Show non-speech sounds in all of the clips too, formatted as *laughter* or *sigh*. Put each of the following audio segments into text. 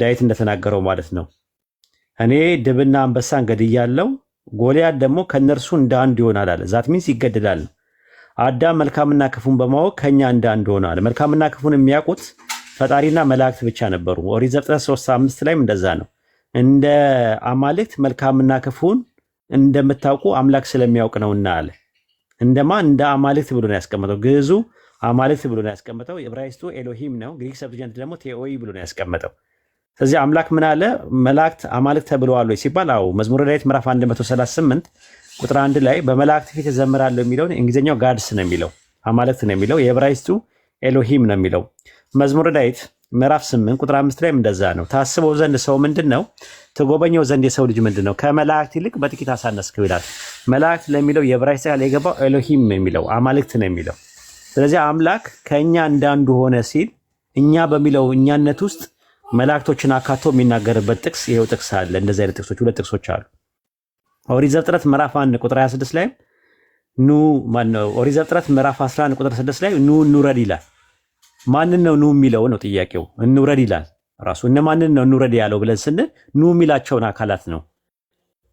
ዳዊት እንደተናገረው ማለት ነው። እኔ ድብና አንበሳ እንገድያለው፣ ጎልያድ ደግሞ ከእነርሱ እንደ አንዱ ይሆናል አለ። ዛት ሚንስ ይገደዳል። አዳም መልካምና ክፉን በማወቅ ከኛ እንደ አንዱ ሆኗል። መልካምና ክፉን የሚያውቁት ፈጣሪና መላእክት ብቻ ነበሩ። ኦሪት ዘፍጥረት 3፥5 ላይም እንደዛ ነው። እንደ አማልክት መልካምና ክፉን እንደምታውቁ አምላክ ስለሚያውቅ ነው እና አለ። እንደማ እንደ አማልክት ብሎ ነው ያስቀመጠው። ግዕዙ አማልክት ብሎ ነው ያስቀመጠው። ዕብራይስጡ ኤሎሂም ነው። ግሪክ ሰብጀንት ደግሞ ቴኦይ ብሎ ነው ያስቀመጠው። ስለዚህ አምላክ ምን አለ? መላእክት አማልክት ተብለዋል ወይ ሲባል አዎ። መዝሙረ ዳዊት ምዕራፍ 138 ቁጥር አንድ ላይ በመላእክት ፊት እዘምራለሁ የሚለውን እንግሊዝኛው ጋድስ ነው የሚለው አማልክት ነው የሚለው የዕብራይስጡ ኤሎሂም ነው የሚለው። መዝሙረ ዳዊት ምዕራፍ 8 ቁጥር አምስት ላይም እንደዛ ነው። ታስበው ዘንድ ሰው ምንድን ነው? ትጎበኘው ዘንድ የሰው ልጅ ምንድን ነው? ከመላእክት ይልቅ በጥቂት አሳነስከው ይላል። መላእክት ለሚለው የዕብራይስጥ ቃል የገባው ኤሎሂም የሚለው አማልክት ነው የሚለው። ስለዚህ አምላክ ከእኛ እንዳንዱ ሆነ ሲል እኛ በሚለው እኛነት ውስጥ መላእክቶችን አካቶ የሚናገርበት ጥቅስ ይሄው ጥቅስ አለ። እንደዚህ አይነት ጥቅሶች ሁለት ጥቅሶች አሉ። ኦሪት ዘፍጥረት ምዕራፍ 1 ቁጥር 26 ላይ ኑ ማነው? ኦሪት ዘፍጥረት ምዕራፍ 11 ቁጥር 6 ላይ ኑ እንውረድ ይላል። ማንን ነው ኑ የሚለው ነው ጥያቄው። እንውረድ ይላል ራሱ እነ ማንን ነው እንውረድ ያለው ብለን ስንል ኑ የሚላቸውን አካላት ነው።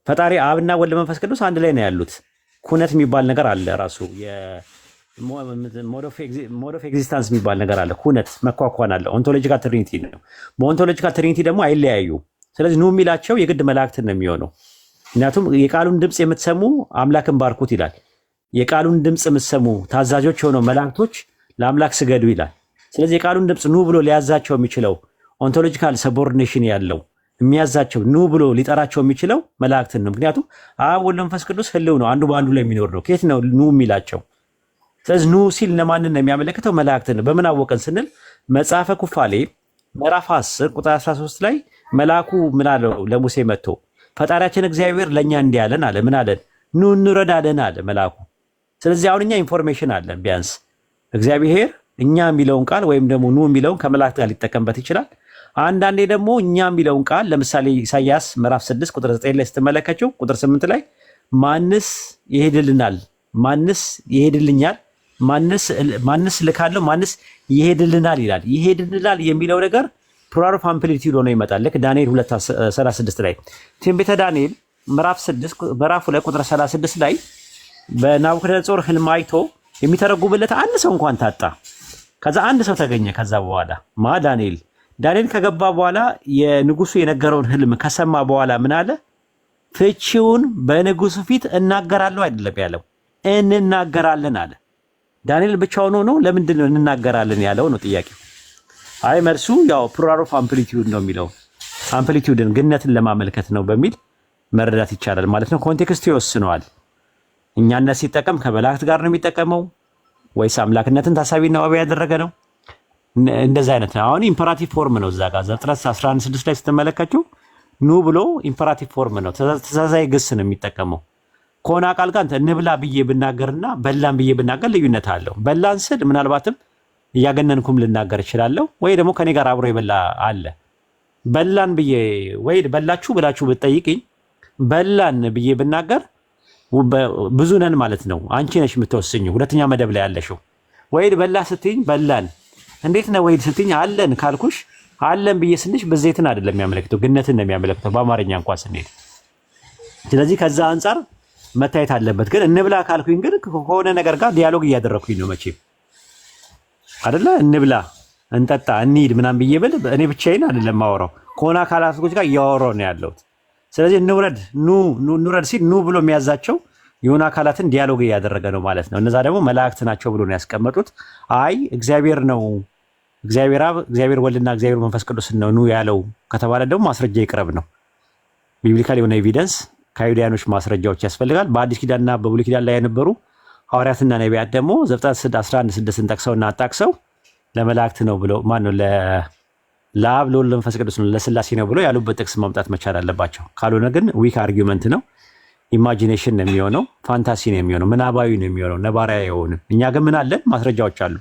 ፈጣሪ አብና ወልድ መንፈስ ቅዱስ አንድ ላይ ነው ያሉት። ኩነት የሚባል ነገር አለ ራሱ ሞድ ኦፍ ኤግዚስታንስ የሚባል ነገር አለ። ሁነት መኳኳን አለ። ኦንቶሎጂካል ትሪኒቲ ነው። በኦንቶሎጂካል ትሪኒቲ ደግሞ አይለያዩ። ስለዚህ ኑ የሚላቸው የግድ መላእክትን ነው የሚሆነው። ምክንያቱም የቃሉን ድምፅ የምትሰሙ አምላክን ባርኩት ይላል። የቃሉን ድምፅ የምትሰሙ ታዛዦች የሆነው መላእክቶች ለአምላክ ስገዱ ይላል። ስለዚህ የቃሉን ድምፅ ኑ ብሎ ሊያዛቸው የሚችለው ኦንቶሎጂካል ሰቦርዲኔሽን ያለው የሚያዛቸው ኑ ብሎ ሊጠራቸው የሚችለው መላእክትን ነው። ምክንያቱም አብ ወልድ መንፈስ ቅዱስ ህልው ነው፣ አንዱ በአንዱ ላይ የሚኖር ነው። ከየት ነው ኑ የሚላቸው? ስለዚህ ኑ ሲል ለማንን ነው የሚያመለክተው? መላእክትን። በምን አወቀን ስንል መጽሐፈ ኩፋሌ ምዕራፍ 10 ቁጥር 13 ላይ መልአኩ ምን አለው? ለሙሴ መጥቶ ፈጣሪያችን እግዚአብሔር ለእኛ እንዲህ አለን አለ። ምን አለን? ኑ እንረዳለን አለ መልአኩ። ስለዚህ አሁን እኛ ኢንፎርሜሽን አለን። ቢያንስ እግዚአብሔር እኛ የሚለውን ቃል ወይም ደግሞ ኑ የሚለውን ከመላእክት ጋር ሊጠቀምበት ይችላል። አንዳንዴ ደግሞ እኛ የሚለውን ቃል ለምሳሌ ኢሳያስ ምዕራፍ 6 ቁጥር 9 ላይ ስትመለከችው ቁጥር 8 ላይ ማንስ ይሄድልናል፣ ማንስ ይሄድልኛል ማንስ ልካለው ማንስ ይሄድልናል ይላል። ይሄድልናል የሚለው ነገር ፕሉራል ኦፍ አምፕሊቲዩድ ሆኖ ይመጣል። ልክ ዳንኤል 236 ላይ ትንቢተ ዳንኤል ምዕራፍ 6 ምዕራፍ 2 ቁጥር 36 ላይ በናቡከደነጾር ህልም አይቶ የሚተረጉምለት አንድ ሰው እንኳን ታጣ። ከዛ አንድ ሰው ተገኘ። ከዛ በኋላ ማ ዳንኤል ዳንኤል ከገባ በኋላ የንጉሱ የነገረውን ህልም ከሰማ በኋላ ምን አለ? ፍቺውን በንጉሱ ፊት እናገራለሁ አይደለም ያለው፣ እንናገራለን አለ። ዳንኤል ብቻውን ሆኖ ለምንድን ነው እንናገራለን ያለው ነው ጥያቄው። አይ መልሱ ያው ፕሉራል ኦፍ አምፕሊቲዩድ ነው የሚለው አምፕሊቲዩድን ግነትን ለማመልከት ነው በሚል መረዳት ይቻላል ማለት ነው። ኮንቴክስቱ ይወስነዋል። እኛነት ሲጠቀም ከመላእክት ጋር ነው የሚጠቀመው ወይስ አምላክነትን ታሳቢና ዋቢ ያደረገ ነው? እንደዚህ አይነት ነው። አሁን ኢምፐራቲቭ ፎርም ነው እዛ ጋር ዘፍጥረት 11 6 ላይ ስትመለከቱ ኑ ብሎ ኢምፐራቲቭ ፎርም ነው፣ ትእዛዛዊ ግስ ነው የሚጠቀመው። ከሆነ አቃል ጋር እንብላ ብዬ ብናገርና በላን ብዬ ብናገር ልዩነት አለው። በላን ስል ምናልባትም እያገነንኩም ልናገር እችላለሁ፣ ወይ ደግሞ ከኔ ጋር አብሮ የበላ አለ። በላን ብዬ ወይ በላችሁ ብላችሁ ብትጠይቅኝ በላን ብዬ ብናገር ብዙ ነን ማለት ነው። አንቺ ነሽ የምትወስኝ ሁለተኛ መደብ ላይ ያለሽው። ወይድ በላ ስትኝ በላን እንዴት ነው ወይድ ስትኝ አለን ካልኩሽ አለን ብዬ ስንሽ ብዜትን አይደለም የሚያመለክተው ግነትን ነው የሚያመለክተው በአማርኛ እንኳ ስንሄድ። ስለዚህ ከዛ አንጻር መታየት አለበት። ግን እንብላ ካልኩኝ ግን ከሆነ ነገር ጋር ዲያሎግ እያደረግኩኝ ነው። መቼም አደለ እንብላ፣ እንጠጣ፣ እንሂድ ምናምን ብዬ ብል እኔ ብቻዬን አይደለም ማወራው ከሆነ አካላቶች ጋር እያወራው ነው ያለሁት። ስለዚህ እንውረድ ኑረድ ሲል ኑ ብሎ የሚያዛቸው የሆነ አካላትን ዲያሎግ እያደረገ ነው ማለት ነው። እነዛ ደግሞ መላእክት ናቸው ብሎ ነው ያስቀመጡት። አይ እግዚአብሔር ነው እግዚአብሔር አብ፣ እግዚአብሔር ወልድና እግዚአብሔር መንፈስ ቅዱስ ነው ኑ ያለው ከተባለ ደግሞ ማስረጃ ይቅረብ ነው ቢብሊካል የሆነ ኤቪደንስ ከአይሁዳውያኖች ማስረጃዎች ያስፈልጋል። በአዲስ ኪዳንና በብሉይ ኪዳን ላይ የነበሩ ሐዋርያትና ነቢያት ደግሞ ዘፍጥረት 11 ስድስትን ጠቅሰውና አጣቅሰው ለመላእክት ነው ብለው ማነው ለአብ ለወልድ ለመንፈስ ቅዱስ ነው ለስላሴ ነው ብሎ ያሉበት ጥቅስ ማምጣት መቻል አለባቸው። ካልሆነ ግን ዊክ አርጊመንት ነው፣ ኢማጂኔሽን ነው የሚሆነው፣ ፋንታሲ ነው የሚሆነው፣ ምናባዊ ነው የሚሆነው፣ ነባራዊ አይሆንም። እኛ ግን ምን አለን? ማስረጃዎች አሉ።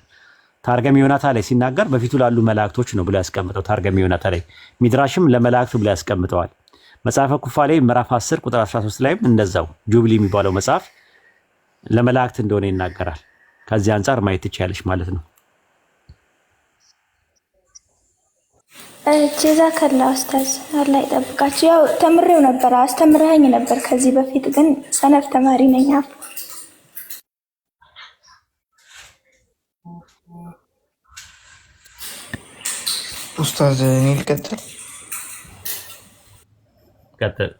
ታርገም ዮናታ ላይ ሲናገር በፊቱ ላሉ መላእክቶች ነው ብሎ ያስቀምጠው። ታርገም ዮናታ ላይ ሚድራሽም ለመላእክት ብሎ ያስቀምጠዋል። መጽሐፈ ኩፋሌ ምዕራፍ 10 ቁጥር 13 ላይም እንደዛው ጁብሊ የሚባለው መጽሐፍ ለመላእክት እንደሆነ ይናገራል። ከዚህ አንጻር ማየት ትችያለሽ ማለት ነው። ጀዛ ከላ ኡስታዝ አላህ ይጠብቃችሁ። ያው ተምሬው ነበር አስተምረኸኝ ነበር ከዚህ በፊት ግን ሰነፍ ተማሪ ነኝ። ኡስታዝ ኒል ልቀጥል கத்தர்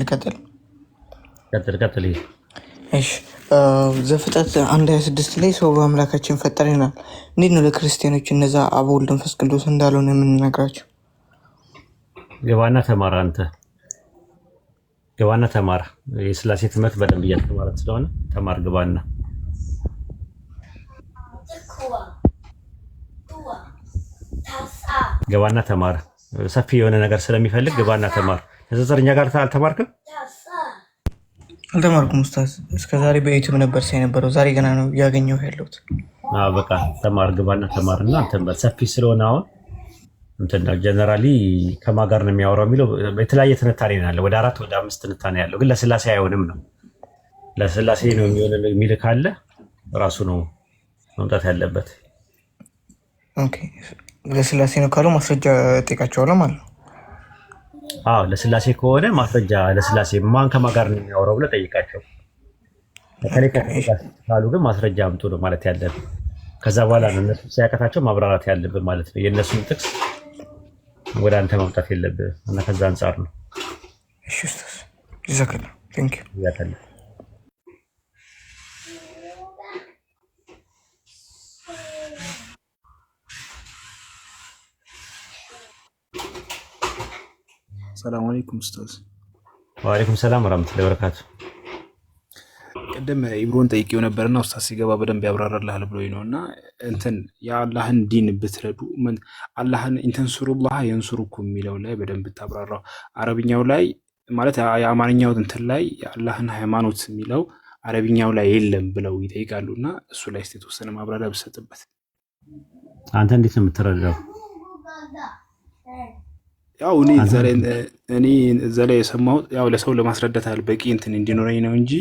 ልቀጥል ቀጥል ቀጥል። እሺ ዘፍጥረት አንድ ሀያ ስድስት ላይ ሰው በአምላካችን ፈጠረ ይሆናል። እንዴት ነው ለክርስቲያኖች እነዛ አብ ወልድ መንፈስ ቅዱስ እንዳልሆነ የምንነግራቸው? ገባና ተማር አንተ ገባና ተማራ የስላሴ ትምህርት በደንብ እያስተማረት ስለሆነ ተማር ግባና ገባና ተማር። ሰፊ የሆነ ነገር ስለሚፈልግ ገባና ተማር። ንፅፅር እኛ ጋር አልተማርክም? አልተማርኩም ኡስታዝ። ዛሬ በዩቲዩብ ነበር ሳይ ነበረው። ዛሬ ገና ነው እያገኘው ያለሁት። በቃ ተማር፣ ግባና ተማር እና እንትን በል። ሰፊ ስለሆነ አሁን እንትን ጀነራሊ ከማን ጋር ነው የሚያወራው የሚለው የተለያየ ትንታኔ ነው ያለው። ወደ አራት ወደ አምስት ትንታኔ ያለው ግን ለስላሴ አይሆንም ነው ለስላሴ ነው የሚሆን የሚል ካለ ራሱ ነው መምጣት ያለበት። ለስላሴ ነው ካሉ ማስረጃ ጠይቃቸዋለሁ ማለት ነው። አዎ ለስላሴ ከሆነ ማስረጃ ለስላሴ ማን ከማን ጋር ነው የሚያወራው ብለህ ጠይቃቸው። ካሉ ግን ማስረጃ አምጡ ነው ማለት ያለን። ከዛ በኋላ ነው እነሱ ሲያቀታቸው ማብራራት ያለብን ማለት ነው። የእነሱን ጥቅስ ወደ አንተ ማምጣት የለብህም እና ከዛ አንጻር ነው። እሺ ኡስታዝ ቴንክ ሰላም አለይኩም ኡስታዝ። ወአለይኩም ሰላም ወራህመቱላሂ ወበረካቱ። ቅድም ኢብሮን ጠይቄው ነበርና ኡስታዝ ሲገባ በደንብ ያብራራልሃል ብሎኝ ነው እና እንትን የአላህን ዲን ብትረዱ አላህን ኢንተንሱሩላህ የንሱሩኩ የሚለው ላይ በደንብ ብታብራራው አረብኛው ላይ ማለት የአማርኛው እንትን ላይ የአላህን ሃይማኖት የሚለው አረብኛው ላይ የለም ብለው ይጠይቃሉ እና እሱ ላይ ስ የተወሰነ ማብራሪያ ብሰጥበት አንተ እንዴት ነው የምትረዳው? ያው እኔ እኔ እዛ ላይ የሰማሁት ያው ለሰው ለማስረዳት ያህል በቂ እንትን እንዲኖረኝ ነው እንጂ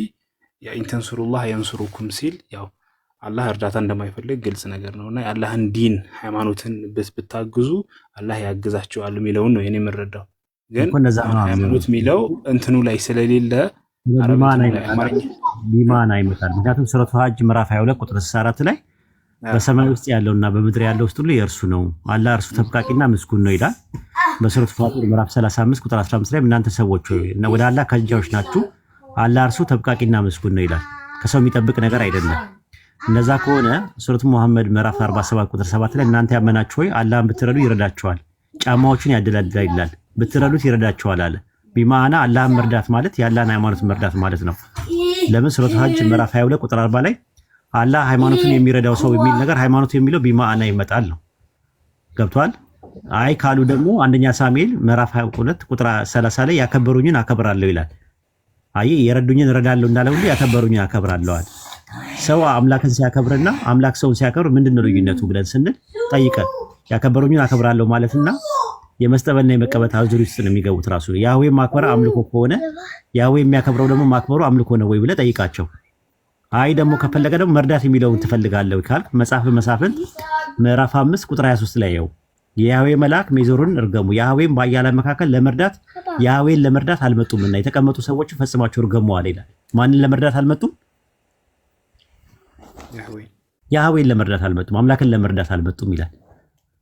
ኢንተንሱሩላህ የንሱሩኩም ሲል ያው አላህ እርዳታ እንደማይፈልግ ግልጽ ነገር ነው እና የአላህን ዲን ሃይማኖትን ብታግዙ አላህ ያግዛቸዋል የሚለውን ነው የኔ የምንረዳው። ግን ሃይማኖት የሚለው እንትኑ ላይ ስለሌለ ቢማና ይመጣል። ምክንያቱም ሱረቱ ሀጅ ምዕራፍ 22 ቁጥር 64 ላይ በሰማይ ውስጥ ያለውና በምድር ያለው ውስጥ ሁሉ የእርሱ ነው፣ አላህ እርሱ ተብቃቂና ምስጉን ነው ይላል። በሱረት ፋጢር ምዕራፍ 35 ቁጥር 15 ላይ እናንተ ሰዎች ወደ አላህ ከልጃዎች ናችሁ፣ አላህ እርሱ ተብቃቂና መስጉን ነው ይላል። ከሰው የሚጠብቅ ነገር አይደለም። እነዛ ከሆነ ሱረቱ ሙሐመድ ምዕራፍ 47 ቁጥር 7 ላይ እናንተ ያመናችሁ ሆይ አላህን ብትረዱ ይረዳቸዋል፣ ጫማዎቹን ያደላድላል ይላል። ብትረዱት ይረዳቸዋል አለ። ቢማና አላህን መርዳት ማለት የአላህን ሃይማኖት መርዳት ማለት ነው። ለምን ሱረቱ ሀጅ ምዕራፍ 22 ቁጥር 40 ላይ አላህ ሃይማኖቱን የሚረዳው ሰው የሚል ነገር ሃይማኖቱ የሚለው ቢማና ይመጣል ነው። ገብቷል? አይ ካሉ ደግሞ አንደኛ ሳሙኤል ምዕራፍ 22 ቁጥር 30 ላይ ያከበሩኝን አከብራለሁ ይላል። አይ የረዱኝን እረዳለሁ እንዳለ ሁሉ ያከበሩኝን አከብራለዋል። ሰው አምላክን ሲያከብርና አምላክ ሰውን ሲያከብር ምንድን ነው ልዩነቱ ብለን ስንል ጠይቀ ያከበሩኝን አከብራለሁ ማለትና የመስጠበና የመቀበት አዙሪ ውስጥ ነው የሚገቡት። ራሱ ያህዌ ማክበር አምልኮ ከሆነ ያህዌ የሚያከብረው ደግሞ ማክበሩ አምልኮ ነው ወይ ብለ ጠይቃቸው። አይ ደግሞ ከፈለገ ደግሞ መርዳት የሚለውን ትፈልጋለህ ካልክ መጽሐፍ መሳፍንት ምዕራፍ 5 ቁጥር 23 ላይ ያው የያዌ መልአክ ሜዞሩን እርገሙ፣ ያህዌን በኃያላን መካከል ለመርዳት ያህዌን ለመርዳት አልመጡምና የተቀመጡ ሰዎች ፈጽማቸው እርገሙ አለ ይላል። ማንን ለመርዳት አልመጡም? ያህዌን ለመርዳት አልመጡም፣ አምላክን ለመርዳት አልመጡም ይላል።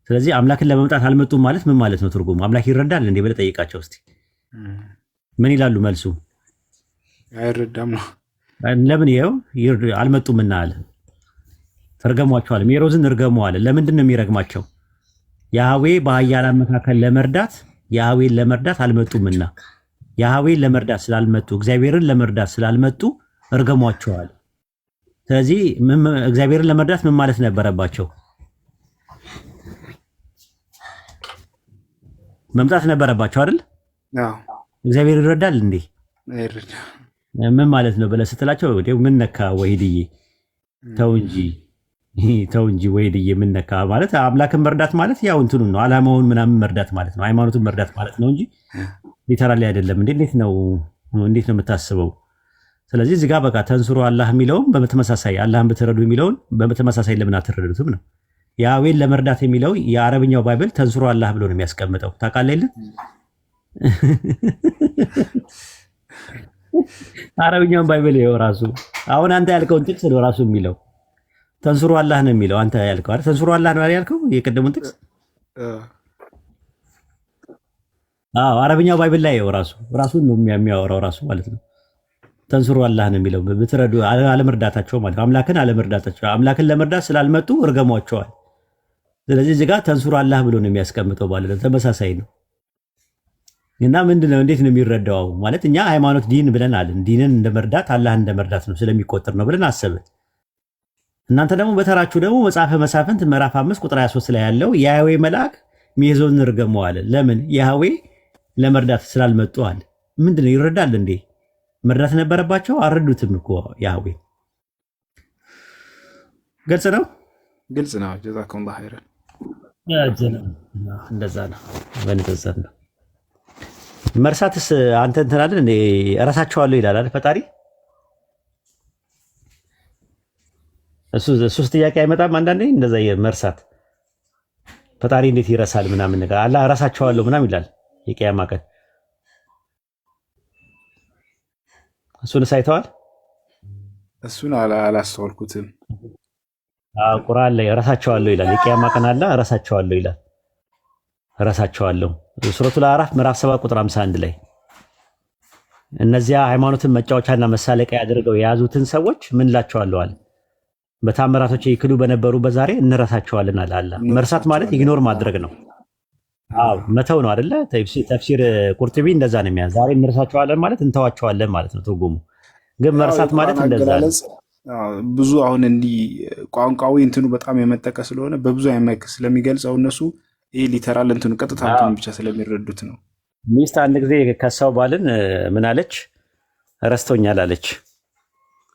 ስለዚህ አምላክን ለመምጣት አልመጡም ማለት ምን ማለት ነው? ትርጉሙ አምላክ ይረዳል እንዴ ብለህ ጠይቃቸው እስኪ። ምን ይላሉ? መልሱ አይረዳም ነው። ለምን ይኸው አልመጡምና አለ። ተርገሟቸዋል። ሜሮዝን እርገሙ አለ። ለምንድን ነው የሚረግማቸው? የአዌ በአያላ መካከል ለመርዳት ያህዌን ለመርዳት አልመጡምና ያህዌን ለመርዳት ስላልመጡ እግዚአብሔርን ለመርዳት ስላልመጡ እርገሟቸዋል። ስለዚህ እግዚአብሔርን ለመርዳት ምን ማለት ነበረባቸው? መምጣት ነበረባቸው አይደል? እግዚአብሔር ይረዳል እንዴ? ምን ማለት ነው ብለህ ስትላቸው ምን ነካ ወሂድዬ፣ ተው እንጂ ተው እንጂ ወይ የምነካ ማለት አምላክን መርዳት ማለት ያው እንትኑ ነው አላማውን ምናምን መርዳት ማለት ነው፣ ሃይማኖቱን መርዳት ማለት ነው እንጂ ሊተራል አይደለም። እንዴት ነው እንዴት ነው የምታስበው? ስለዚህ እዚህ ጋር በቃ ተንስሮ አላህ የሚለውን በተመሳሳይ አላህን ብትረዱ የሚለውን በተመሳሳይ ለምን አትረዱትም ነው። ያዌን ለመርዳት የሚለው የአረብኛው ባይብል ተንስሮ አላህ ብሎ ነው የሚያስቀምጠው። ታውቃለህ የለ *laughs* አረብኛውን ባይብል ይኸው ራሱ አሁን አንተ ያልከውን ጥቅስ ነው ራሱ የሚለው ተንስሮ አላህ ነው የሚለው አንተ ያልከው አይደል? ተንስሮ አላህ ነው ያልከው የቀደሙን ጥቅስ። አዎ አረብኛው ባይብል ላይ ራሱ ራሱን ነው የሚያወራው ራሱ ማለት ነው። ተንስሮ አላህ ነው የሚለው ብትረዱ፣ አለመርዳታቸው ማለት ነው። አምላክን አለመርዳታቸው፣ አምላክን ለመርዳት ስላልመጡ እርገሟቸዋል። ስለዚህ እዚህ ጋር ተንስሮ አላህ ብሎ ነው የሚያስቀምጠው ማለት ነው። ተመሳሳይ ነው እና ምንድን ነው እንዴት ነው የሚረዳው ማለት እኛ ሃይማኖት ዲን ብለን አለን። ዲንን እንደመርዳት አላህን እንደመርዳት ነው ስለሚቆጠር ነው ብለን አሰብን። እናንተ ደግሞ በተራችሁ ደግሞ መጽሐፈ መሳፍንት ምዕራፍ አምስት ቁጥር 23 ላይ ያለው የያዌ መልአክ ሚዞን ርገመዋል። ለምን ያህዌ ለመርዳት ስላልመጡዋል። ምንድን ምንድነው ይረዳል እንዴ? መርዳት ነበረባቸው። አልረዱትም እኮ ያዌ። ግልጽ ነው፣ ግልጽ ነው። ጀዛኩም ላ እንደዛ ነው፣ በንጽጽ ነው። መርሳትስ አንተ እንትናለን አለ እረሳቸዋለሁ ይላል ፈጣሪ እሱ ሶስት ጥያቄ አይመጣም። አንዳንዴ እንደዛ የመርሳት ፈጣሪ እንዴት ይረሳል ምናምን ነገር አላ እረሳቸዋለሁ ምናምን ይላል። የቅያማ ቀን እሱን ሳይተዋል እሱን አላስተዋልኩትም። ቁርአን ላይ እረሳቸዋለሁ ይላል። የቅያማ ቀን አላ እረሳቸዋለሁ ይላል። እረሳቸዋለሁ ሱረቱ አዕራፍ ምዕራፍ ሰባት ቁጥር አምሳ አንድ ላይ እነዚያ ሃይማኖትን መጫወቻና መሳለቂያ አድርገው የያዙትን ሰዎች ምን ላቸዋለሁ አለ በታምራቶች ይክሉ በነበሩ በዛሬ እንረሳቸዋለን አለ መርሳት ማለት ኢግኖር ማድረግ ነው። አዎ መተው ነው አደለ? ተፍሲር ቁርጥቢ እንደዛ ነው የሚያዝ። ዛሬ እንረሳቸዋለን ማለት እንተዋቸዋለን ማለት ነው ትርጉሙ። ግን መርሳት ማለት እንደዛ ነው። ብዙ አሁን እንዲህ ቋንቋዊ እንትኑ በጣም የመጠቀ ስለሆነ በብዙ አይመክ ስለሚገልጸው እነሱ ይህ ሊተራል እንትኑ ቀጥታ ብቻ ስለሚረዱት ነው። ሚስት አንድ ጊዜ ከሰው ባልን ምን አለች? ረስቶኛል አለች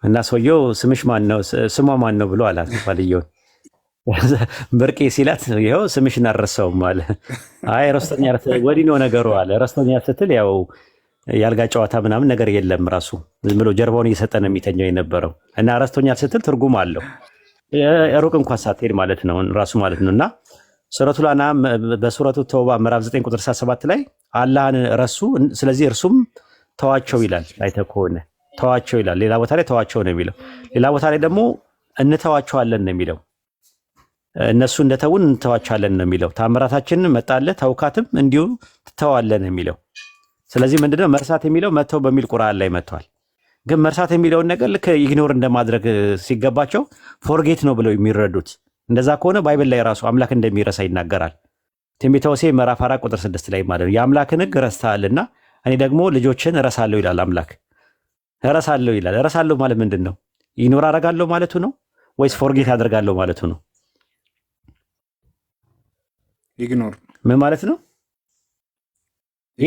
እና ሰውየው ስምሽ ማን ነው ስሟ ማን ነው ብሎ አላት ባልየውን። *laughs* ብርቄ ሲላት ይኸው ስምሽ አልረሳውም አለ። አይ ረስቶኛ ወዲህ ነው ነገሩ አለ። ረስቶኛ ስትል ያው የአልጋ ጨዋታ ምናምን ነገር የለም ራሱ ዝም ብሎ ጀርባውን እየሰጠ ነው የሚተኛው የነበረው እና ረስቶኛል ስትል ትርጉም አለው ሩቅ እንኳን ሳትሄድ ማለት ነው ራሱ ማለት ነው እና ሱረቱ ላና በሱረቱ ተውባ ምዕራፍ 9 ቁጥር 67 ላይ አላህን ረሱ፣ ስለዚህ እርሱም ተዋቸው ይላል አይተ ከሆነ ተዋቸው ይላል። ሌላ ቦታ ላይ ተዋቸው ነው የሚለው። ሌላ ቦታ ላይ ደግሞ እንተዋቸዋለን ነው የሚለው። እነሱ እንደተውን እንተዋቸዋለን ነው የሚለው። ታምራታችንን መጣለ ተውካትም እንዲሁ ትተዋለን ነው የሚለው። ስለዚህ ምንድነው መርሳት የሚለው መተው በሚል ቁርአን ላይ መጥተዋል። ግን መርሳት የሚለውን ነገር ልክ ኢግኖር እንደማድረግ ሲገባቸው ፎርጌት ነው ብለው የሚረዱት። እንደዛ ከሆነ ባይብል ላይ ራሱ አምላክ እንደሚረሳ ይናገራል። ትንቢተ ሆሴዕ ምዕራፍ አራት ቁጥር ስድስት ላይ ማለት ነው የአምላክን ሕግ ረስተሃልና እኔ ደግሞ ልጆችን እረሳለሁ ይላል አምላክ እረሳለሁ ይላል። እረሳለሁ ማለት ምንድን ነው? ይኖር አደርጋለሁ ማለቱ ነው ወይስ ፎርጌት አደርጋለሁ ማለቱ ነው? ኢግኖር ምን ማለት ነው?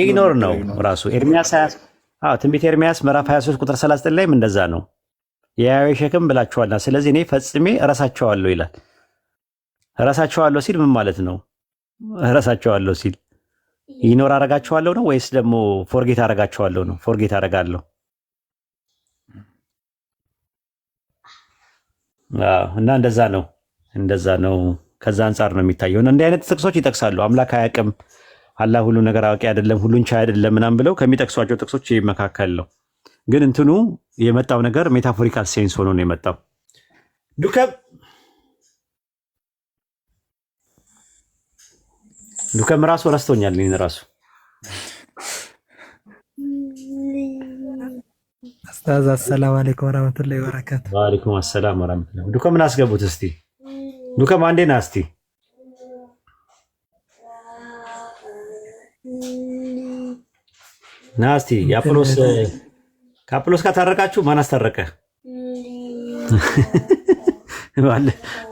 ኢግኖር ነው ራሱ። ኤርሚያስ ትንቢት ኤርሚያስ ምዕራፍ 23 ቁጥር 39 ላይም እንደዛ ነው። የያዌ ሸክም ብላችኋልና ስለዚህ እኔ ፈጽሜ እረሳቸዋለሁ ይላል። እረሳቸዋለሁ ሲል ምን ማለት ነው? እረሳቸዋለሁ ሲል ኢኖር አረጋቸዋለሁ ነው ወይስ ደግሞ ፎርጌት አረጋቸዋለሁ ነው? ፎርጌት አረጋለሁ። እና እንደዛ ነው እንደዛ ነው። ከዛ አንጻር ነው የሚታየው። እንዲህ አይነት ጥቅሶች ይጠቅሳሉ። አምላክ አያውቅም፣ አላህ ሁሉ ነገር አዋቂ አይደለም፣ ሁሉን ቻይ አይደለም ምናምን ብለው ከሚጠቅሷቸው ጥቅሶች መካከል ነው። ግን እንትኑ የመጣው ነገር ሜታፎሪካል ሴንስ ሆኖ ነው የመጣው። ዱከም ዱከም ራሱ ረስቶኛል እኔን ራሱ ኡስታዝ አሰላም አለይኩም ወራህመቱላሂ ወበረካቱ። ወአለይኩም አሰላም ወራህመቱላሂ። ዱከ ምን አስገቡት እስቲ ዱከ አንዴ ና እስቲ ና እስቲ የአፕሎስ ከአፕሎስ ጋር ታረቃችሁ? ማን አስታረቀ?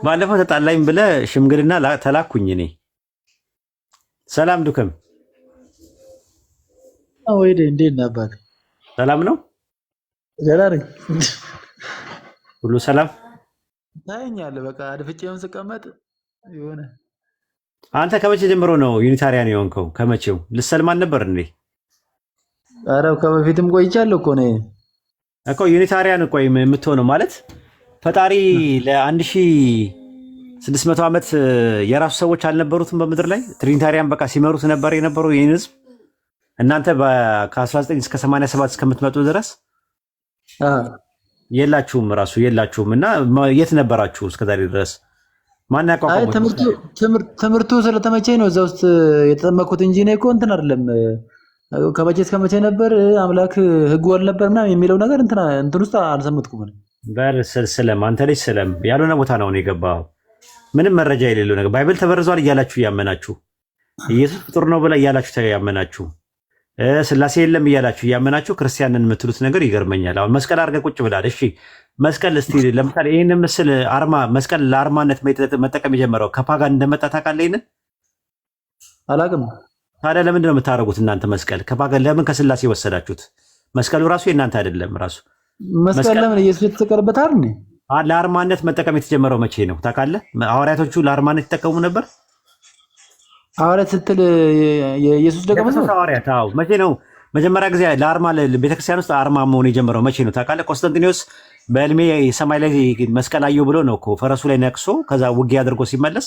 ባለፈው ተጣላኝ ብለህ ሽምግልና ተላኩኝ እኔ። ሰላም ዱከም፣ እንዴት ነህ አባት? ሰላም ነው ዘላሪ ሁሉ ሰላም ታየኛለህ። በቃ አድፍጬውን ስቀመጥ የሆነ አንተ ከመቼ ጀምሮ ነው ዩኒታሪያን የሆንከው? ከመቼው ልሰልማን ነበር እንዴ? አረ ከበፊትም ቆይቻለሁ እኮ ነው እኮ ዩኒታሪያን ቆይ የምትሆነው ማለት ፈጣሪ ለአንድ ሺህ ስድስት መቶ ዓመት የራሱ ሰዎች አልነበሩትም በምድር ላይ ትሪኒታሪያን በቃ ሲመሩት ነበር የነበረው ይህን ህዝብ እናንተ ከ19 እስከ 87 እስከምትመጡ ድረስ የላችሁም እራሱ የላችሁም። እና የት ነበራችሁ እስከዛሬ ድረስ? ማን ያቋቋመው? ትምህርቱ ስለተመቸኝ ነው እዛ ውስጥ የተጠመኩት እንጂ እኔ እኮ እንትን አይደለም። ከመቼ እስከ መቼ ነበር አምላክ ህጉ አልነበር ምናምን የሚለው ነገር እንትን ውስጥ አልሰምትኩም። በር ስለም አንተ ላይ ስለም ያልሆነ ቦታ ነው የገባው። ምንም መረጃ የሌለው ነገር ባይብል ተበርዟል እያላችሁ እያመናችሁ ኢየሱስ ፍጡር ነው ብላ እያላችሁ ያመናችሁ ስላሴ የለም እያላችሁ እያመናችሁ ክርስቲያንን የምትሉት ነገር ይገርመኛል። አሁን መስቀል አድርገህ ቁጭ ብላል። እሺ መስቀል እስቲ ለምሳሌ ይህን ምስል አርማ መስቀል ለአርማነት መጠቀም የጀመረው ከፓጋን እንደመጣ ታውቃለህ? ይህንን አላውቅም። ታዲያ ለምንድን ነው የምታደርጉት እናንተ? መስቀል ከፓጋን ለምን ከስላሴ ወሰዳችሁት? መስቀሉ ራሱ የእናንተ አይደለም። ራሱ መስቀል ለምን ኢየሱስ የተሰቀለበት ለአርማነት መጠቀም የተጀመረው መቼ ነው ታውቃለህ? ሐዋርያቶቹ ለአርማነት ይጠቀሙ ነበር ሐዋርያት ስትል የኢየሱስ ደቀ መዝሙር ሐዋርያት። አዎ መቼ ነው መጀመሪያ ጊዜ ለአርማ ቤተክርስቲያን ውስጥ አርማ መሆን የጀመረው መቼ ነው ታውቃለህ? ቆንስተንቲኖስ በእልሜ ሰማይ ላይ መስቀል አየው ብሎ ነው ፈረሱ ላይ ነቅሶ ከዛ ውጊያ አድርጎ ሲመለስ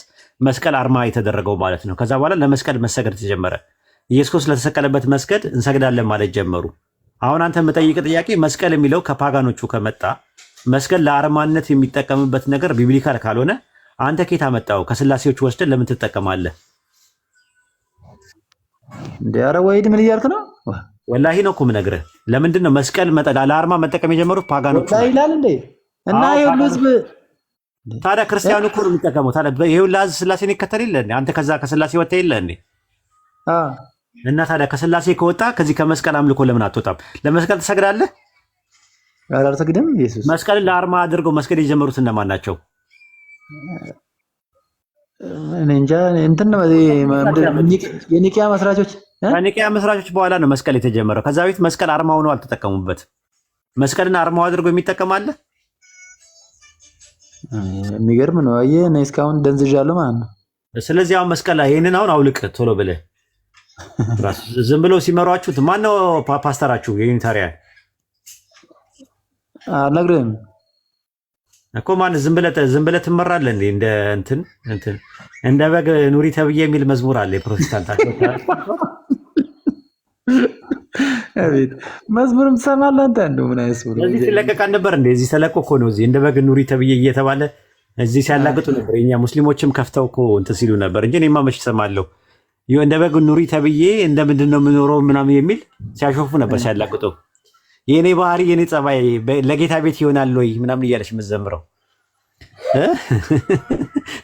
መስቀል አርማ የተደረገው ማለት ነው። ከዛ በኋላ ለመስቀል መሰገድ ተጀመረ። ኢየሱስ ለተሰቀለበት መስገድ እንሰግዳለን ማለት ጀመሩ። አሁን አንተ የምጠይቅ ጥያቄ መስቀል የሚለው ከፓጋኖቹ ከመጣ መስቀል ለአርማነት የሚጠቀምበት ነገር ቢብሊካል ካልሆነ አንተ ኬት አመጣው? ከስላሴዎች ወስደን ለምን ትጠቀማለህ? እንደ ኧረ ወይድ ምን እያልክ ነው? ወላሂ ነው እኮ የምነግርህ። ለምንድን ነው መስቀል ለአርማ መጠቀም የጀመሩት? ፓጋኖች ይላል እንዴ እና የሁሉ ህዝብ ታዲያ ክርስቲያኑ እኮ ነው የሚጠቀመው። ታዲያ ይሄ ስላሴን ይከተል የለ አንተ ከዛ ከስላሴ ወጥተ የለ እንዴ? እና ታዲያ ከስላሴ ከወጣ ከዚህ ከመስቀል አምልኮ ለምን አትወጣም? ለመስቀል ትሰግዳለህ? አላልሰግድም። ኢየሱስ መስቀልን ለአርማ አድርገው መስቀል የጀመሩት እነማን ናቸው? እኔ እንጃ እንትን የኒቅያ መስራቾች ከኒቅያ መስራቾች በኋላ ነው መስቀል የተጀመረው። ከዛ በፊት መስቀል አርማ ሆኖ አልተጠቀሙበት። መስቀልን አርማው አድርጎ የሚጠቀም አለ። የሚገርም ነው። አየህ እኔ እስካሁን ደንዝዣለሁ ማለት ነው። ስለዚህ አሁን መስቀል ይህንን አሁን አውልቅ ቶሎ ብለህ ዝም ብለው ሲመሯችሁት ማነው ፓስተራችሁ የዩኒታሪያን አልነግርህም እኮ ማን ዝም ብለህ ዝም ብለህ ትመራለህ እንዴ? እንደ እንትን እንትን እንደ በግ ኑሪ ተብዬ የሚል መዝሙር አለ። የፕሮቴስታንት አቤት መዝሙርም ትሰማለህ አንተ። እንደ ምን አይነት ሰው እዚህ ሲለቀቅ አልነበር እንዴ? እዚህ ተለቆ እኮ ነው። እዚህ እንደ በግ ኑሪ ተብዬ እየተባለ እዚህ ሲያላግጡ ነበር። የኛ ሙስሊሞችም ከፍተው እኮ እንትን ሲሉ ነበር እንጂ እኔማ መች እሰማለሁ። እንደ በግ ኑሪ ተብዬ እንደምንድን ነው የምኖረው ምናምን የሚል ሲያሾፉ ነበር ሲያላግጡ የእኔ ባህሪ የእኔ ጸባይ ለጌታ ቤት ይሆናል ወይ ምናምን እያለች የምትዘምረው *laughs*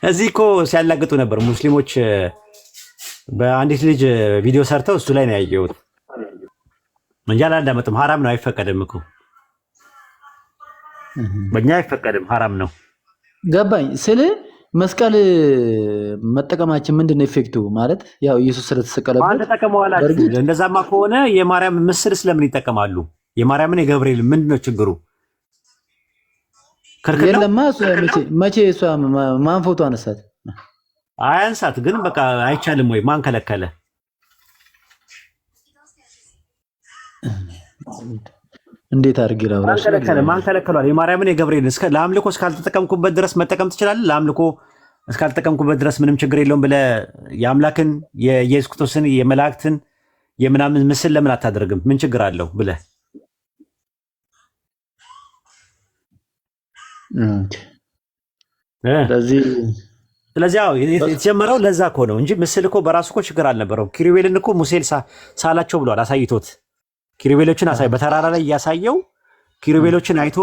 እዚህ እኮ ሲያላግጡ ነበር ሙስሊሞች። በአንዲት ልጅ ቪዲዮ ሰርተው እሱ ላይ ነው ያየሁት እንጃ አላዳመጥም። ሀራም ነው፣ አይፈቀድም እኮ በእኛ አይፈቀድም፣ ሀራም ነው። ገባኝ ስል መስቀል መጠቀማችን ምንድን ነው ኢፌክቱ? ማለት ያው ኢየሱስ ስለተሰቀለበት ተጠቀመዋላ እንደዛማ ከሆነ የማርያም ምስል ስለምን ይጠቀማሉ? የማርያምን የገብርኤል ምንድን ነው ችግሩ? መቼ እሷ ማን ፎቶ አነሳት? አያንሳት ግን በቃ አይቻልም ወይ? ማን ከለከለ? እንዴት አድርጌ ማን ከለከሏል? የማርያምን የገብርኤልን እስከ ለአምልኮ እስካልተጠቀምኩበት ድረስ መጠቀም ትችላለህ። ለአምልኮ እስካልተጠቀምኩበት ድረስ ምንም ችግር የለውም ብለህ የአምላክን የኢየሱስ ክርስቶስን የመላእክትን የምናምን ምስል ለምን አታደርግም? ምን ችግር አለው ብለህ ስለዚህ ስለዚህ ያው የተጀመረው ለዛ እኮ ነው እንጂ ምስል እኮ በራሱ እኮ ችግር አልነበረው። ኪሩቤልን እኮ ሙሴል ሳላቸው ብለዋል። አሳይቶት ኪሩቤሎችን አሳይ በተራራ ላይ እያሳየው ኪሩቤሎችን አይቶ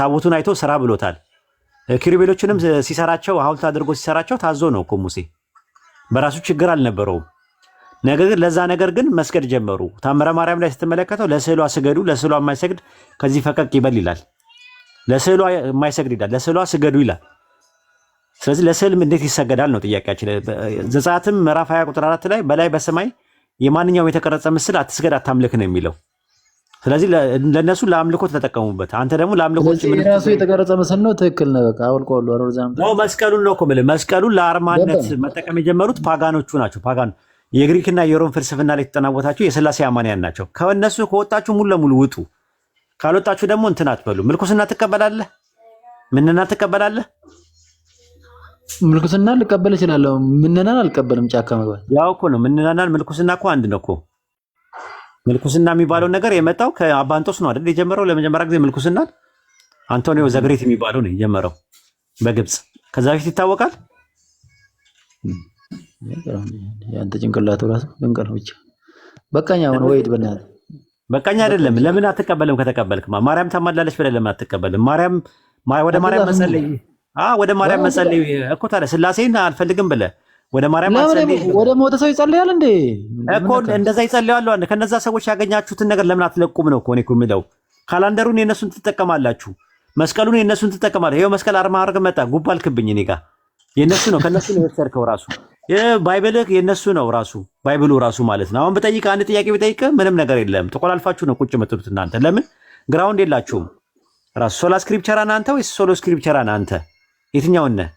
ታቦቱን አይቶ ስራ ብሎታል። ኪሩቤሎችንም ሲሰራቸው ሐውልት አድርጎ ሲሰራቸው ታዞ ነው እኮ ሙሴ በራሱ ችግር አልነበረውም። ነገር ግን ለዛ ነገር ግን መስገድ ጀመሩ። ታምረ ማርያም ላይ ስትመለከተው ለስዕሏ ስገዱ፣ ለስዕሏ የማይሰግድ ከዚህ ፈቀቅ ይበል ይላል። ለስዕሏ የማይሰግድ ይላል፣ ለስዕሏ ስገዱ ይላል። ስለዚህ ለስዕል እንዴት ይሰገዳል ነው ጥያቄያችን። ዘጸአትም ምዕራፍ 20 ቁጥር 4 ላይ በላይ በሰማይ የማንኛውም የተቀረጸ ምስል አትስገድ አታምልክ ነው የሚለው። ስለዚህ ለእነሱ ለአምልኮ ተጠቀሙበት። አንተ ደግሞ ለአምልኮ ራሱ የተቀረጸ ምስል ነው። ትክክል ነው። በቃ አውልቀዋሉ። መስቀሉን ነው እኮ የምልህ። መስቀሉን ለአርማነት መጠቀም የጀመሩት ፓጋኖቹ ናቸው። ፓጋን የግሪክና የሮም ፍልስፍና ላይ የተጠናወታቸው የስላሴ አማንያን ናቸው። ከእነሱ ከወጣችሁ ሙሉ ለሙሉ ውጡ። ካልወጣችሁ ደግሞ እንትን አትበሉ። ምልኩስና ትቀበላለህ? ምንና ትቀበላለህ? ምልኩስና ልቀበል እችላለሁ። ምንናን አልቀበልም። ጫካ መግባት ያው እኮ ነው። ምንናናን ምልኩስና እኮ አንድ ነው እኮ። ምልኩስና የሚባለው ነገር የመጣው ከአባንጦስ ነው አይደል? የጀመረው ለመጀመሪያ ጊዜ ምልኩስናን አንቶኒዮ ዘግሬት የሚባለው ነው የጀመረው በግብፅ። ከዛ በፊት ይታወቃል። ያንተ ጭንቅላቱ ራሱ ድንቅ ነው። ብቻ በቃኛ። ሆነ ወይድ በእናትህ በቃኝ አይደለም። ለምን አትቀበልም? ከተቀበልክማ ማርያም ታማላለች ብለህ ለምን አትቀበልም? ማርያም ወደ ማርያም መጸለይ ወደ ማርያም መጸለይ እኮ ታዲያ ስላሴን አልፈልግም ብለህ ወደ ማርያም ወደ ሞተ ሰው ይጸልያል እንዴ እኮ እንደዛ ይጸልያሉ። አንተ ከነዛ ሰዎች ያገኛችሁትን ነገር ለምን አትለቁም ነው እኮ እኔ እኮ የምለው። ካላንደሩን የእነሱን ትጠቀማላችሁ፣ መስቀሉን የእነሱን ትጠቀማላችሁ። ይሄው መስቀል አርማ አርግ መጣ ጉባልክብኝ እኔ ጋር የእነሱ ነው ከነሱ ነው የወሰድከው ራሱ ባይብልህ የእነሱ ነው ራሱ ባይብሉ ራሱ ማለት ነው። አሁን በጠይቀ አንድ ጥያቄ ቢጠይቀ ምንም ነገር የለም። ተቆላልፋችሁ ነው ቁጭ የምትሉት እናንተ። ለምን ግራውንድ የላችሁም? ራሱ ሶላ ስክሪፕቸራ ናንተ ወይስ ሶሎ ስክሪፕቸራ ናንተ የትኛውን ነህ?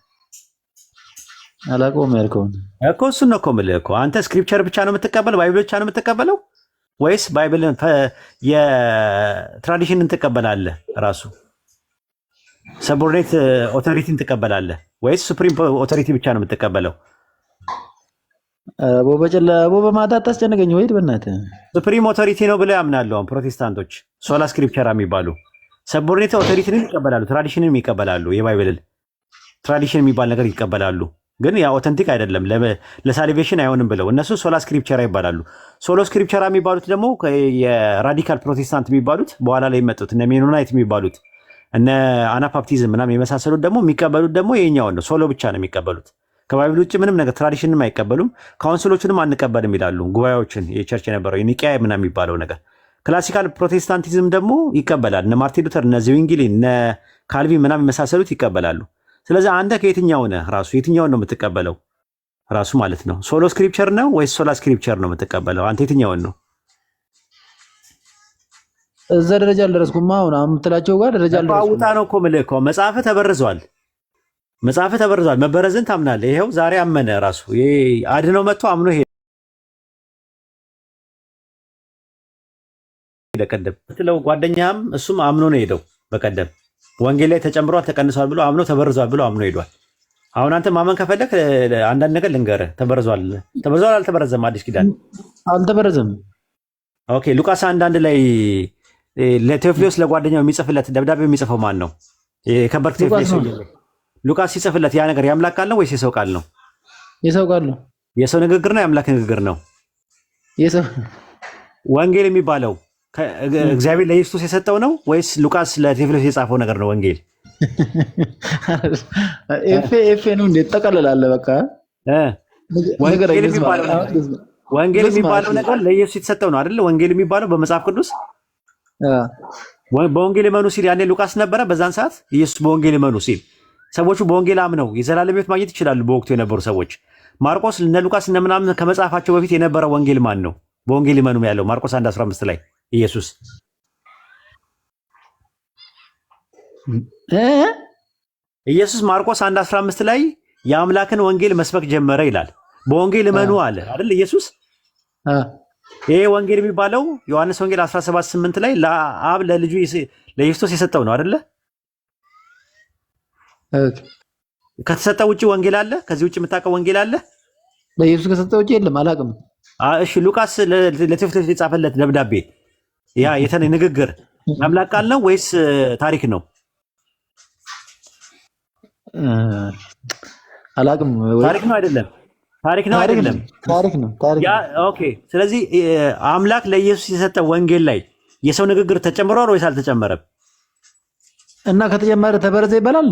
አላውቀውም ያልከውን እኮ እሱን ነው እኮ የምልህ እኮ። አንተ ስክሪፕቸር ብቻ ነው የምትቀበለው? ባይብል ብቻ ነው የምትቀበለው ወይስ ባይብልን የትራዲሽንን ትቀበላለህ? ራሱ ሰቦርኔት ኦቶሪቲን ትቀበላለህ ወይስ ሱፕሪም ኦቶሪቲ ብቻ ነው የምትቀበለው? ቦበጨላ ቦበማጣት ታስጨንቀኝ ወይድ በእናትህ። ሱፕሪም ኦቶሪቲ ነው ብለ ያምናሉ አሁን ፕሮቴስታንቶች፣ ሶላ ስክሪፕቸራ የሚባሉ ሰቦርኔት ኦቶሪቲንም ይቀበላሉ፣ ትራዲሽንም ይቀበላሉ። የባይብልን ትራዲሽን የሚባል ነገር ይቀበላሉ። ግን ያ ኦተንቲክ አይደለም ለሳሊቬሽን አይሆንም ብለው እነሱ ሶላ ስክሪፕቸራ ይባላሉ። ሶሎ ስክሪፕቸራ የሚባሉት ደግሞ የራዲካል ፕሮቴስታንት የሚባሉት በኋላ ላይ የመጡት እነ ሜኖናይት የሚባሉት እነ አናፓፕቲዝም ምናምን የመሳሰሉት ደግሞ የሚቀበሉት ደግሞ የኛውን ነው። ሶሎ ብቻ ነው የሚቀበሉት። ከባይብል ውጭ ምንም ነገር ትራዲሽንም አይቀበሉም፣ ካውንስሎችንም አንቀበልም ይላሉ። ጉባኤዎችን የቸርች የነበረው ኒቅያ ምና የሚባለው ነገር ክላሲካል ፕሮቴስታንቲዝም ደግሞ ይቀበላል። እነ ማርቲን ሉተር፣ እነ ዝዊንግሊ፣ እነ ካልቪን ምናምን የመሳሰሉት ይቀበላሉ። ስለዚህ አንተ ከየትኛው ነህ? ራሱ የትኛውን ነው የምትቀበለው? ራሱ ማለት ነው ሶሎ ስክሪፕቸር ነው ወይስ ሶላ ስክሪፕቸር ነው የምትቀበለው? አንተ የትኛውን ነው? እዛ ደረጃ አልደረስኩም። አሁን የምትላቸው ጋር ደረጃ አልደረስኩም። ውጣ ነው እኮ የምልህ እኮ መጽሐፍህ ተበርዟል። መጽሐፍ ተበርዟል። መበረዝን ታምናለ ይኸው ዛሬ አመነ። ራሱ አድነው መጥቶ አምኖ ሄደ። ቀደም ትለው ጓደኛም እሱም አምኖ ነው ሄደው። በቀደም ወንጌል ላይ ተጨምሯል ተቀንሷል ብሎ አምኖ ተበርዟል ብሎ አምኖ ሄዷል። አሁን አንተ ማመን ከፈለክ አንዳንድ ነገር ልንገር ተበርዟል ተበርዟል። አልተበረዘም። አዲስ ኪዳን አልተበረዘም። ኦኬ ሉቃስ አንዳንድ ላይ ለቴዎፍሎስ ለጓደኛው የሚጽፍለት ደብዳቤ የሚጽፈው ማን ነው? የከበርክ ሉቃስ ሲጽፍለት ያ ነገር የአምላክ ቃል ነው ወይስ የሰው ቃል ነው? የሰው ቃል ነው። የሰው ንግግር ነው የአምላክ ንግግር ነው? የሰው ወንጌል የሚባለው እግዚአብሔር ለኢየሱስ የሰጠው ነው ወይስ ሉቃስ ለቴዎፍሎስ የጻፈው ነገር ነው? ወንጌል *laughs* ኤፌ ኤፌ ነው እንዴ? ጠቀልላለ በቃ ወንጌል የሚባለው ነገር ለኢየሱስ የተሰጠው ነው አይደል? ወንጌል የሚባለው በመጽሐፍ ቅዱስ በወንጌል መኑ ሲል ያኔ ሉቃስ ነበረ በዛን ሰዓት ኢየሱስ በወንጌል መኑ ሲል ሰዎቹ በወንጌል አምነው የዘላለም ሕይወት ማግኘት ይችላሉ። በወቅቱ የነበሩ ሰዎች ማርቆስ እነ ሉቃስ እነ ምናምን ከመጽሐፋቸው በፊት የነበረ ወንጌል ማን ነው? በወንጌል ይመኑም ያለው ማርቆስ 1 15 ላይ ኢየሱስ ኢየሱስ ማርቆስ 1 15 ላይ የአምላክን ወንጌል መስበክ ጀመረ ይላል። በወንጌል እመኑ አለ አይደል ኢየሱስ። ይሄ ወንጌል የሚባለው ዮሐንስ ወንጌል 17 8 ላይ ለአብ ለልጁ ለክርስቶስ የሰጠው ነው አይደለ ከተሰጠ ውጭ ወንጌል አለ? ከዚህ ውጭ የምታውቀው ወንጌል አለ? ለኢየሱስ ከሰጠ ውጭ የለም፣ አላውቅም። እሺ፣ ሉቃስ ለቴዎፍሎስ የጻፈለት ደብዳቤ ያ የተነ ንግግር አምላክ ቃል ነው ወይስ ታሪክ ነው? አላውቅም። ታሪክ ነው አይደለም? ታሪክ ነው አይደለም? ታሪክ ነው። ታሪክ ያ ኦኬ። ስለዚህ አምላክ ለኢየሱስ የሰጠ ወንጌል ላይ የሰው ንግግር ተጨምሯል ወይስ አልተጨመረም? እና ከተጨመረ ተበረዘ ይባላል።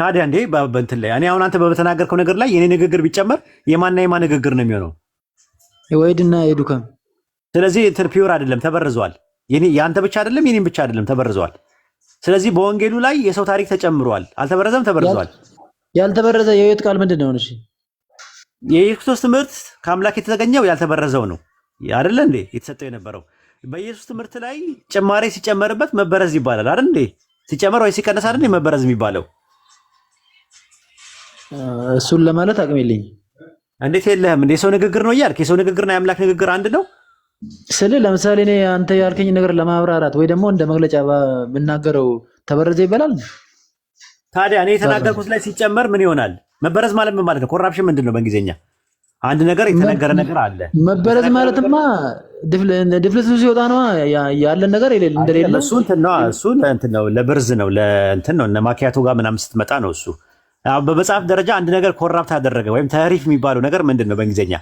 ታዲያ እንዴ በእንትን ላይ እኔ አሁን አንተ በተናገርከው ነገር ላይ የኔ ንግግር ቢጨመር የማና የማ ንግግር ነው የሚሆነው፣ የወይድና የዱከም። ስለዚህ ፒውር አይደለም፣ ተበርዘዋል። የአንተ ብቻ አይደለም፣ የኔም ብቻ አይደለም፣ ተበርዘዋል። ስለዚህ በወንጌሉ ላይ የሰው ታሪክ ተጨምሯል። አልተበረዘም፣ ተበርዘዋል። ያልተበረዘ የህይወት ቃል ምንድን ነው? እሺ የክርስቶስ ትምህርት ከአምላክ የተገኘው ያልተበረዘው ነው አይደለ እንዴ? የተሰጠው የነበረው በኢየሱስ ትምህርት ላይ ጭማሬ ሲጨመርበት መበረዝ ይባላል አይደል እንዴ? ሲጨመር ወይ ሲቀነስ አይደል መበረዝ የሚባለው እሱን ለማለት አቅም የለኝ። እንዴት የለህም? እንዴ? የሰው ንግግር ነው እያልክ የሰው ንግግርና የአምላክ ንግግር አንድ ነው ስል ለምሳሌ እኔ አንተ ያልከኝ ነገር ለማብራራት ወይ ደግሞ እንደ መግለጫ የምናገረው ተበረዘ ይበላል። ታዲያ እኔ የተናገርኩት ላይ ሲጨመር ምን ይሆናል? መበረዝ ማለት ምን ማለት ነው? ኮራፕሽን ምንድን ነው በእንግሊዝኛ? አንድ ነገር የተነገረ ነገር አለ። መበረዝ ማለትማ ድፍልስ ሲወጣ ነዋ። ያለን ነገር እንደሌለ እሱ እንትን ነው፣ ለብርዝ ነው፣ ለእንትን ነው። እነ ማኪያቶ ጋር ምናምን ስትመጣ ነው እሱ በመጽሐፍ ደረጃ አንድ ነገር ኮራፕት አደረገ ወይም ተሪፍ የሚባለው ነገር ምንድን ነው? በእንግሊዝኛ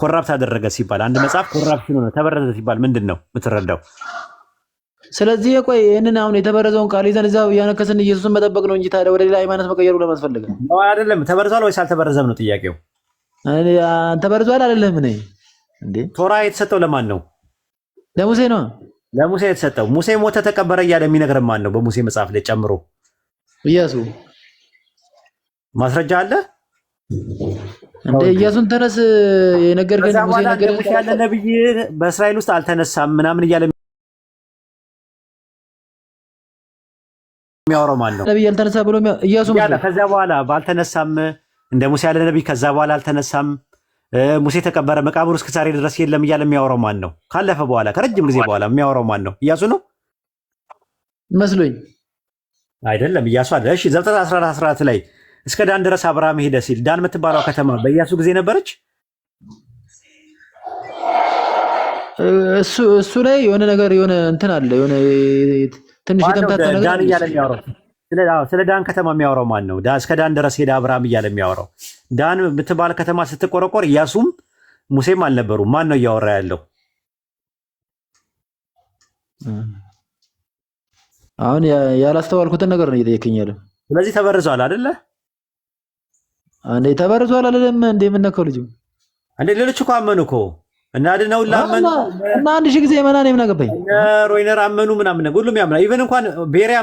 ኮራፕት አደረገ ሲባል አንድ መጽሐፍ ኮራፕሽን ሆነ ተበረዘ ሲባል ምንድን ነው የምትረዳው? ስለዚህ ቆይ ይህንን አሁን የተበረዘውን ቃል ይዘን እዛ እያነከስን ኢየሱስን መጠበቅ ነው እንጂ ታዲያ ወደ ሌላ ሃይማኖት መቀየሩ ለማስፈልገ አይደለም። ተበርዟል ወይስ አልተበረዘም ነው ጥያቄው። ተበርዟል አይደለም። ነ ቶራ የተሰጠው ለማን ነው? ለሙሴ ነው። ለሙሴ የተሰጠው ሙሴ ሞተ ተቀበረ እያለ የሚነግር ማን ነው? በሙሴ መጽሐፍ ላይ ጨምሮ ኢየሱስ ማስረጃ አለ እንደ ኢያሱን ተነስ የነገር ግን ሙሴ ነገር ሙሴ ያለ ነብይ በእስራኤል ውስጥ አልተነሳም ምናምን እያለ የሚያወራው ማን ነው? ነብይ አልተነሳ ብሎ ኢያሱ ያለ ከዛ በኋላ ባልተነሳም እንደ ሙሴ ያለ ነብይ ከዛ በኋላ አልተነሳም ሙሴ ተቀበረ መቃብሩ እስከ ዛሬ ድረስ የለም እያለ የሚያወራው ማን ነው? ካለፈ በኋላ ከረጅም ጊዜ በኋላ የሚያወራው ማን ነው? ኢያሱ ነው መስሎኝ አይደለም። ኢያሱ አለ። እሺ ዘፍጥረት 14 ላይ እስከ ዳን ድረስ አብርሃም ሄደ ሲል ዳን የምትባለው ከተማ በኢያሱ ጊዜ ነበረች። እሱ እሱ ላይ የሆነ ነገር የሆነ እንትን አለ የሆነ ትንሽ ነገር ዳን የሚያወራው ስለ ዳን ከተማ የሚያወራው ማን ነው? እስከ ዳን ድረስ ሄደ አብርሃም እያለ የሚያወራው ዳን የምትባል ከተማ ስትቆረቆር እያሱም ሙሴም አልነበሩ። ማን ነው እያወራ ያለው? አሁን ያላስተዋልኩትን ነገር ነው እየጠየቀኝ ያለው። ስለዚህ ተበርዟል አይደለ? አንዴ ተበርቷል አለም እንዴ የምነከው ልጅ እንዴ ሌሎች እኮ አመኑ እኮ እና አድነው ላመኑ እና አንድ ሺህ ጊዜ የመናን የምናገባኝ ሮይነር አመኑ ምናምን ሁሉም ያምናል። ኢቨን እንኳን ቤሪያ